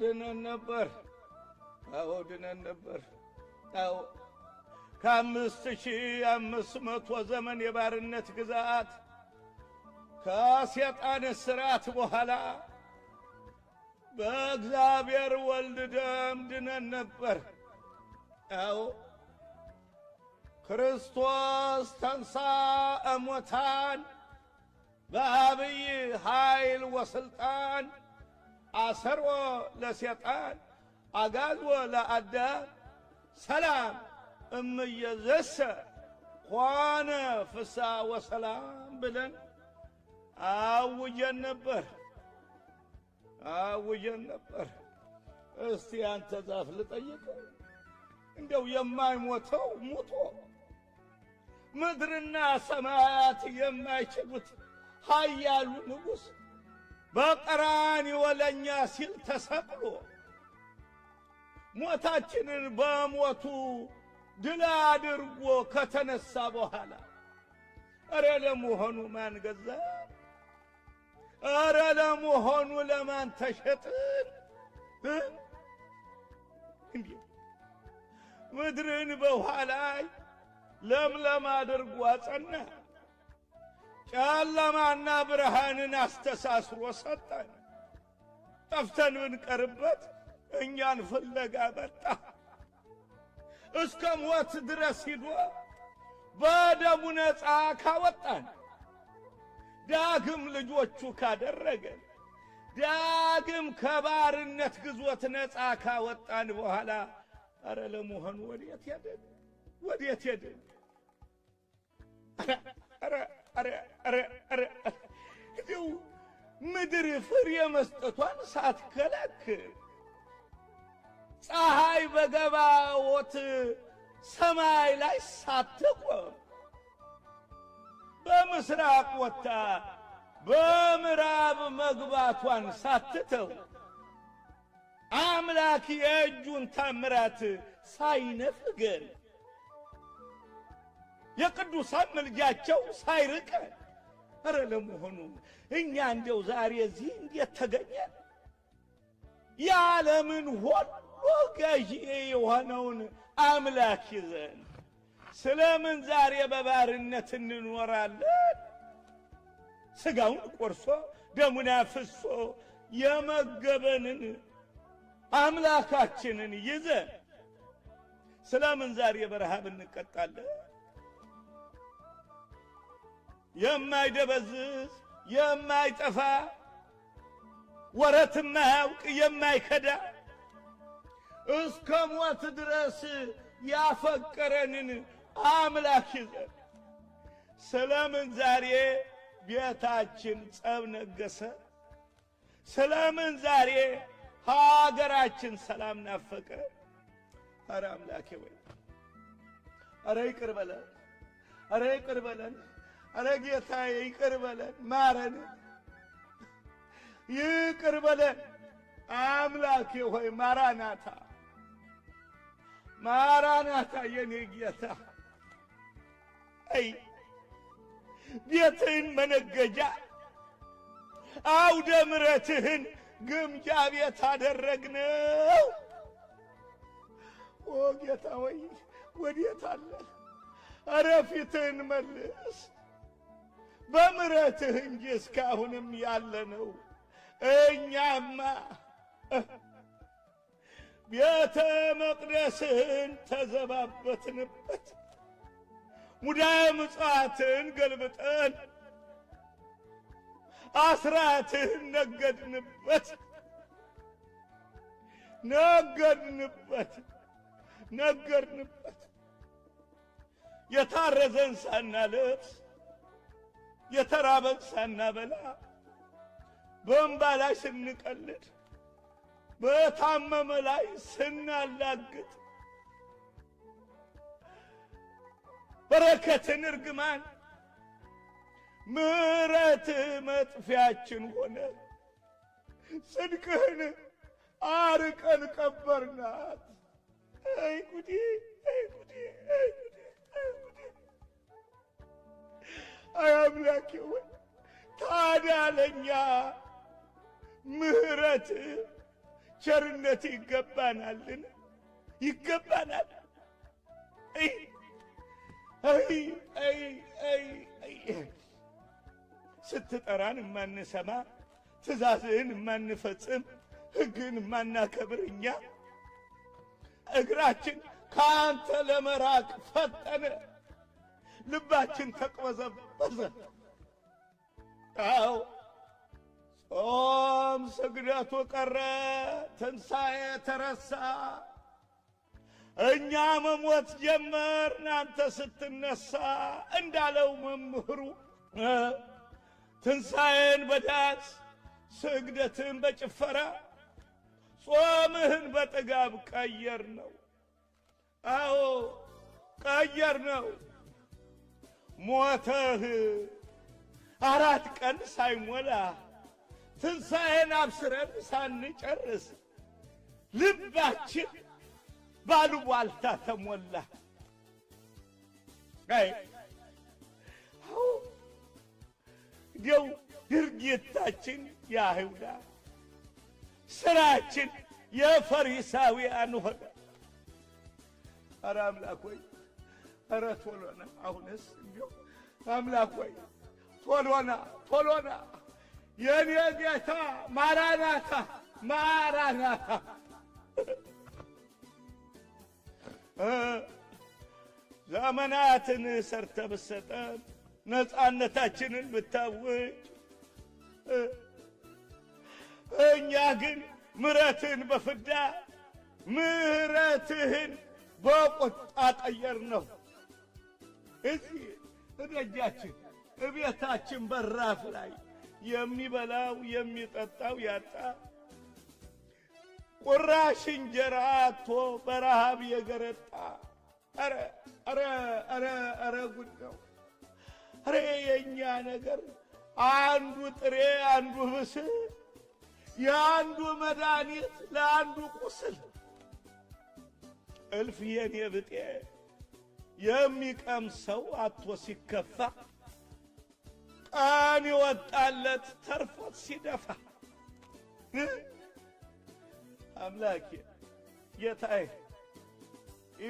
ድነን ነበር። አዎ ድነን ነበር። አዎ ከአምስት ሺህ አምስት መቶ ዘመን የባርነት ግዛት ከሴጣን እስራት በኋላ በእግዚአብሔር ወልድ ደም ድነን ነበር። አዎ ክርስቶስ ተንሳ እሙታን በአብይ ኃይል ወስልጣን አሰርዎ ለሴጣን አጋዝዎ ለአዳም ሰላም እምየዘሰ ሆነ ፍሳ ወሰላም ብለን አውጀን ነበር አውጀን ነበር። እስቲ አንተ ዛፍ ልጠይቅ እንደው የማይሞተው ሙቶ ምድርና ሰማያት የማይችሉት ኃያሉ ንጉሥ በቀራንዮ ለእኛ ሲል ተሰቅሎ ሞታችንን በሞቱ ድል አድርጎ ከተነሳ በኋላ እረ ለመሆኑ ማን ገዛ? እረ ለመሆኑ ለማን ተሸጥን? እንዲህ ምድርን በውኃ ላይ ለምለም አድርጎ አጸና። ጨለማና ብርሃንን አስተሳስሮ ሰጠን። ጠፍተን ብንቀርበት እኛን ፍለጋ መጣ። እስከ ሞት ድረስ ሂዶ በደሙ ነፃ ካወጣን፣ ዳግም ልጆቹ ካደረገን፣ ዳግም ከባርነት ግዞት ነፃ ካወጣን በኋላ አረ ለመሆኑ ወዴት ሄድን? ወዴት ሄድን? አረ እው ምድር ፍሬ መስጠቷን ሳትከለክል ፀሐይ በገባዎት ሰማይ ላይ ሳትቆም በምስራቅ ወጥታ በምዕራብ መግባቷን ሳትተው አምላክ የእጁን ታምራት ሳይነፍገን የቅዱሳን ምልጃቸው ሳይርቅ ኧረ ለመሆኑ እኛ እንደው ዛሬ እዚህ እንዴት ተገኘን? የዓለምን ሁሉ ገዢ የሆነውን አምላክ ይዘን ስለምን ዛሬ በባርነት እንኖራለን? ሥጋውን ቆርሶ ደሙን አፍሶ የመገበንን አምላካችንን ይዘን ስለምን ዛሬ በረሃብ እንቀጣለን? የማይደበዝዝ የማይጠፋ ወረት ማያውቅ የማይከዳ እስከ ሞት ድረስ ያፈቀረንን አምላክ ይዘን ስለምን ዛሬ ቤታችን ጸብ ነገሰ? ስለምን ዛሬ ሀገራችን ሰላም ናፈቀ? አረ አምላኬ ወይ፣ አረ ይቅር በለን፣ አረ ይቅር በለን። አረ ጌታዬ ይቅር በለን፣ ማረን፣ ይቅር በለን። አምላኬ ሆይ ማራናታ፣ ማራናታ የኔ ጌታ አይ ቤትህን መነገጃ አውደ ግምጃ ቤት አደረግነው። ኦ ጌታ ወይ ወዴት አለ? አረ ፊትህን መልስ። በምሕረትህ እንጂ እስካሁንም ያለነው እኛማ ቤተ መቅደስህን ተዘባበትንበት ሙዳየ ምጽዋትህን ገልብጠን አስራትህን ነገድንበት ነገድንበት ነገድንበት የታረዘን ሳናለብስ የተራበን ሳናበላ በእንባ ላይ ስንቀልድ በታመመ ላይ ስናላግጥ በረከትን እርግማን ምረት መጥፊያችን ሆነ። ጽድቅህን አርቀን ቀበርናት። አይ ጉዴ! አይ ጉዴ! አምላኬ ወይ ታዲያ ለእኛ ምህረት ቸርነት ይገባናልን? ይገባናል። ስትጠራን የማንሰማ ትእዛዝህን የማንፈጽም ሕግህን የማናከብር እኛ እግራችን ከአንተ ለመራቅ ፈጠነ። ልባችን ተቅበዘበዘ። አዎ ጾም ስግደቱ ቀረ፣ ትንሣኤ ተረሳ። እኛ መሞት ጀመር፣ እናንተ ስትነሳ እንዳለው መምህሩ ትንሣኤን በዳስ ስግደትን በጭፈራ ጾምህን በጥጋብ ቀየር ነው። አዎ ቀየር ነው። ሞተህ አራት ቀን ሳይሞላ ትንሣኤን አብስረን ሳንጨርስ ልባችን ባሉባልታ ተሞላ። አይ አዎ እንዲያው ድርጊታችን የአይሁዳ ስራችን የፈሪሳውያን ሆነ። ኧረ አምላክ ሆይ እረ ቶሎና አሁንስ እንዲያው አምላክ ወይ ቶሎና ቶሎና የኔ ጌታ ማራናታ ማራናታ ዘመናትን ሰርተ ብትሰጠን ነፃነታችንን ብታውጅ እኛ ግን ምረትን በፍዳ ምሕረትህን በቁጣ ቀየር ነው። እዚህ እደጃችን እቤታችን በራፍ ላይ የሚበላው የሚጠጣው ያጣ ቁራሽ እንጀራ አቶ በረሃብ የገረጣ ኧረ ኧረ ኧረ ኧረ ጉድ ነው። ኧረ የእኛ ነገር አንዱ ጥሬ አንዱ ብስል የአንዱ መድኃኒት ለአንዱ ቁስል እልፍ የኔ ብጤ የሚቀም ሰው አቶ ሲከፋ ቀን ይወጣለት ተርፎት ሲደፋ አምላኬ ጌታዬ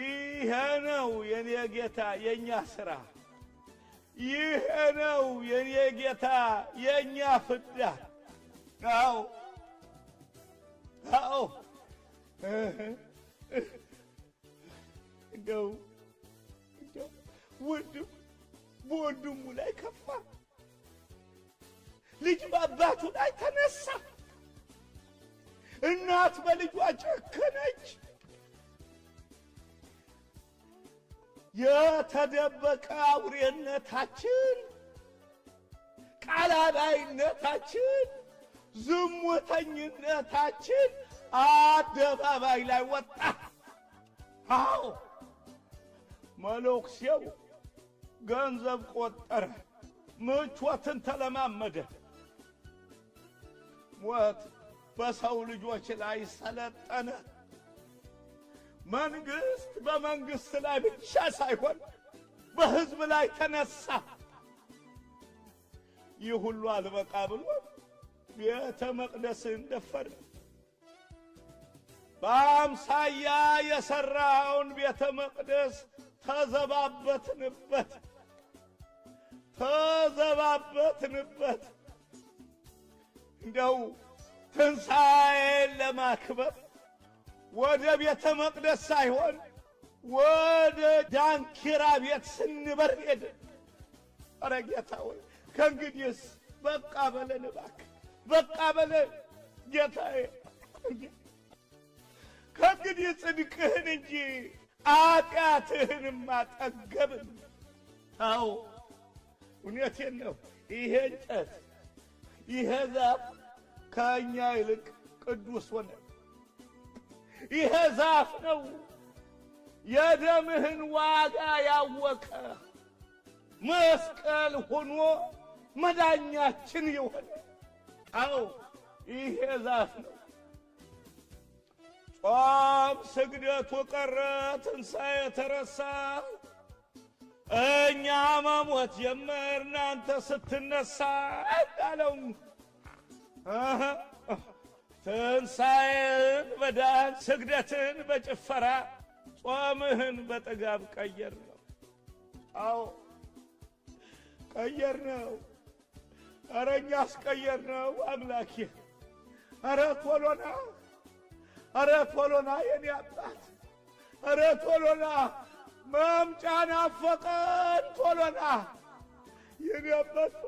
ይሄ ነው የኔ ጌታ የእኛ ሥራ፣ ይሄ ነው የኔ ጌታ የእኛ ፍዳ። አዎ አዎ እንደው ወንድም በወንድሙ ላይ ከፋ፣ ልጅ በአባቱ ላይ ተነሳ፣ እናት በልጇ ጨከነች። የተደበቀ አውሬነታችን፣ ቃላባይነታችን፣ ዝሙተኝነታችን አደባባይ ላይ ወጣ። አዎ መሎክሴው ገንዘብ ቆጠረ፣ ምቾትን ተለማመደ። ሞት በሰው ልጆች ላይ ሰለጠነ። መንግሥት በመንግሥት ላይ ብቻ ሳይሆን በሕዝብ ላይ ተነሳ። ይህ ሁሉ አልበቃ ብሎ ቤተ መቅደስን ደፈረ። በአምሳያ የሠራውን ቤተ መቅደስ ተዘባበትንበት። ተዘባበትንበት። እንደው ትንሣኤን ለማክበር ወደ ቤተ መቅደስ ሳይሆን ወደ ዳንኪራ ቤት ስንበር ሄደ። ኧረ ጌታ ሆይ ከእንግዲህስ በቃ በለን እባክህ፣ በቃ በለን ጌታዬ። ከእንግዲህ ጽድቅህን እንጂ ኃጢአትህንም አጠገብን። አዎ እውነቴን ነው። ይሄ እንጨት ይሄ ዛፍ ከእኛ ይልቅ ቅዱስ ሆነ። ይሄ ዛፍ ነው የደምህን ዋጋ ያወቀ መስቀል ሆኖ መዳኛችን የሆነ። አዎ ይሄ ዛፍ ነው። ጾም ስግደቱ ቀረ፣ ትንሣኤ ተረሳ። እኛ መሞት ጀመርን አንተ ስትነሳ አለው። ትንሣኤን በዳን ስግደትን በጭፈራ ጾምህን በጥጋብ ቀየር ነው። አዎ ቀየር ነው። ኧረ እኛ አስቀየር ነው አምላኬ። ኧረ ቶሎና፣ ኧረ ቶሎና የኔ አባት፣ ኧረ ቶሎና መምጫ ናፈቀን ቶሎና የኔ አባት